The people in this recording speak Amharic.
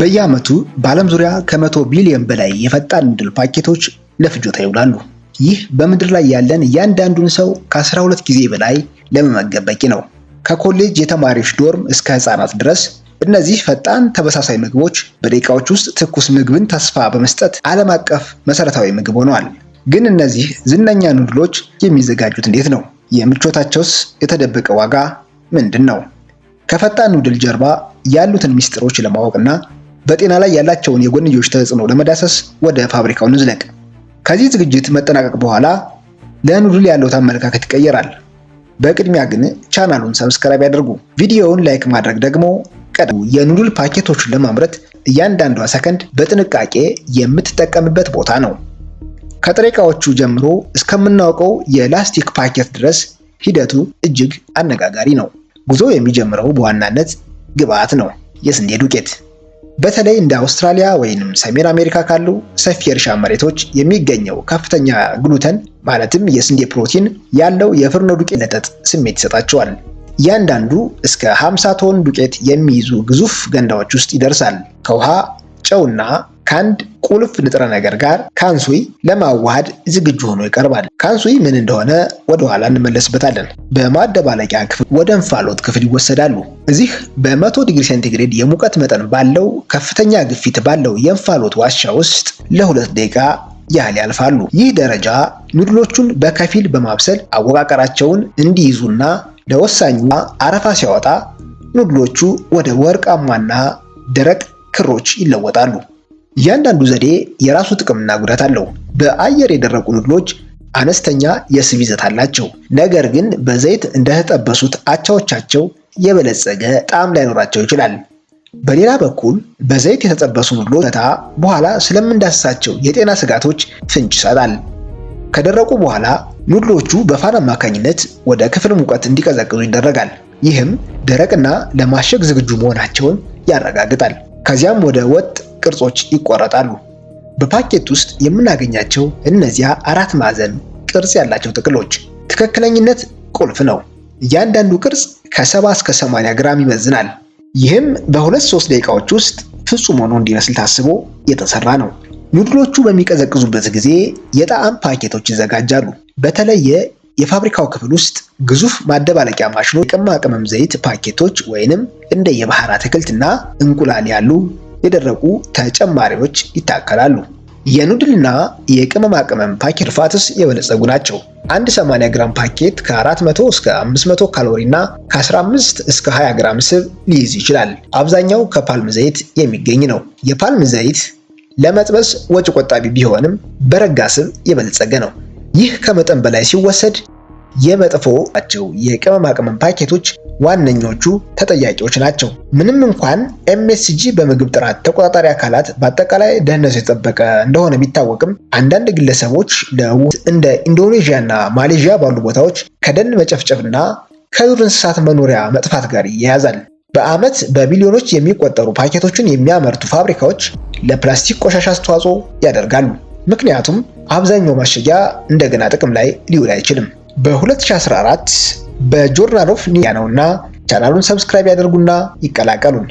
በየዓመቱ በዓለም ዙሪያ ከመቶ ቢሊዮን በላይ የፈጣን ምድር ፓኬቶች ለፍጆታ ይውላሉ። ይህ በምድር ላይ ያለን እያንዳንዱን ሰው ከ12 ጊዜ በላይ ለመመገብ በቂ ነው። ከኮሌጅ የተማሪዎች ዶርም እስከ ህፃናት ድረስ እነዚህ ፈጣን ተመሳሳይ ምግቦች በደቂቃዎች ውስጥ ትኩስ ምግብን ተስፋ በመስጠት ዓለም አቀፍ መሰረታዊ ምግብ ሆነዋል። ግን እነዚህ ዝነኛ ኑድሎች የሚዘጋጁት እንዴት ነው? የምቾታቸውስ የተደበቀ ዋጋ ምንድን ነው? ከፈጣን ኑድል ጀርባ ያሉትን ሚስጥሮች ለማወቅና በጤና ላይ ያላቸውን የጎንዮሽ ተጽዕኖ ለመዳሰስ ወደ ፋብሪካው እንዝለቅ። ከዚህ ዝግጅት መጠናቀቅ በኋላ ለኑድል ያለው አመለካከት ይቀየራል። በቅድሚያ ግን ቻናሉን ሰብስክራይብ ያደርጉ፣ ቪዲዮውን ላይክ ማድረግ ደግሞ ቀደሙ። የኑድል ፓኬቶችን ለማምረት እያንዳንዷ ሰከንድ በጥንቃቄ የምትጠቀምበት ቦታ ነው። ከጥሬ ጀምሮ እስከምናውቀው የላስቲክ ፓኬት ድረስ ሂደቱ እጅግ አነጋጋሪ ነው። ጉዞ የሚጀምረው በዋናነት ግብዓት ነው። የስንዴ ዱቄት በተለይ እንደ አውስትራሊያ ወይንም ሰሜን አሜሪካ ካሉ ሰፊ የእርሻ መሬቶች የሚገኘው ከፍተኛ ግሉተን ማለትም የስንዴ ፕሮቲን ያለው የፍርኖ ዱቄት ለጠጥ ስሜት ይሰጣቸዋል። እያንዳንዱ እስከ 50 ቶን ዱቄት የሚይዙ ግዙፍ ገንዳዎች ውስጥ ይደርሳል። ከውሃ ጨውና ከአንድ ቁልፍ ንጥረ ነገር ጋር ካንሱይ ለማዋሃድ ዝግጁ ሆኖ ይቀርባል። ካንሱይ ምን እንደሆነ ወደኋላ እንመለስበታለን። በማደባለቂያ ክፍል ወደ እንፋሎት ክፍል ይወሰዳሉ። እዚህ በመቶ ዲግሪ ሴንቲግሬድ የሙቀት መጠን ባለው ከፍተኛ ግፊት ባለው የእንፋሎት ዋሻ ውስጥ ለሁለት ደቂቃ ያህል ያልፋሉ። ይህ ደረጃ ኑድሎቹን በከፊል በማብሰል አወቃቀራቸውን እንዲይዙና ለወሳኙ አረፋ ሲያወጣ ኑድሎቹ ወደ ወርቃማና ደረቅ ክሮች ይለወጣሉ። እያንዳንዱ ዘዴ የራሱ ጥቅምና ጉዳት አለው። በአየር የደረቁ ንድሎች አነስተኛ የስብ ይዘት አላቸው። ነገር ግን በዘይት እንደተጠበሱት አቻዎቻቸው የበለጸገ ጣዕም ላይኖራቸው ይችላል። በሌላ በኩል በዘይት የተጠበሱ ንድሎች ተታ በኋላ ስለምንዳስሳቸው የጤና ስጋቶች ፍንጭ ይሰጣል። ከደረቁ በኋላ ኑድሎቹ በፋን አማካኝነት ወደ ክፍል ሙቀት እንዲቀዘቅዙ ይደረጋል። ይህም ደረቅና ለማሸግ ዝግጁ መሆናቸውን ያረጋግጣል። ከዚያም ወደ ወጥ ቅርጾች ይቆረጣሉ። በፓኬት ውስጥ የምናገኛቸው እነዚያ አራት ማዕዘን ቅርጽ ያላቸው ጥቅሎች ትክክለኝነት ቁልፍ ነው። እያንዳንዱ ቅርጽ ከ70 እስከ 80 ግራም ይመዝናል። ይህም በሁለት ሶስት ደቂቃዎች ውስጥ ፍጹም ሆኖ እንዲመስል ታስቦ የተሰራ ነው። ኑድሎቹ በሚቀዘቅዙበት ጊዜ የጣዕም ፓኬቶች ይዘጋጃሉ። በተለየ የፋብሪካው ክፍል ውስጥ ግዙፍ ማደባለቂያ ማሽኖች ቅመማ ቅመም ዘይት ፓኬቶች ወይንም እንደ የባህር አትክልትና እንቁላል ያሉ የደረቁ ተጨማሪዎች ይታከላሉ። የኑድልና የቅመማ ቅመም ፓኬት ፋትስ የበለጸጉ ናቸው። አንድ 80 ግራም ፓኬት ከ400 እስከ 500 ካሎሪ እና ከ15 እስከ 20 ግራም ስብ ሊይዝ ይችላል። አብዛኛው ከፓልም ዘይት የሚገኝ ነው። የፓልም ዘይት ለመጥበስ ወጪ ቆጣቢ ቢሆንም በረጋ ስብ የበለጸገ ነው። ይህ ከመጠን በላይ ሲወሰድ የመጥፎ አቸው የቅመማ ቅመም ፓኬቶች ዋነኞቹ ተጠያቂዎች ናቸው። ምንም እንኳን ኤምኤስጂ በምግብ ጥራት ተቆጣጣሪ አካላት በአጠቃላይ ደህንነቱ የተጠበቀ እንደሆነ ቢታወቅም አንዳንድ ግለሰቦች ለውት እንደ ኢንዶኔዥያ እና ማሌዥያ ባሉ ቦታዎች ከደን መጨፍጨፍና ከዱር እንስሳት መኖሪያ መጥፋት ጋር ይያያዛል። በዓመት በቢሊዮኖች የሚቆጠሩ ፓኬቶችን የሚያመርቱ ፋብሪካዎች ለፕላስቲክ ቆሻሻ አስተዋጽኦ ያደርጋሉ። ምክንያቱም አብዛኛው ማሸጊያ እንደገና ጥቅም ላይ ሊውል አይችልም። በ2014 በጆርናል ኦፍ ኒውያ ነውና ቻናሉን ሰብስክራይብ ያደርጉና ይቀላቀሉን።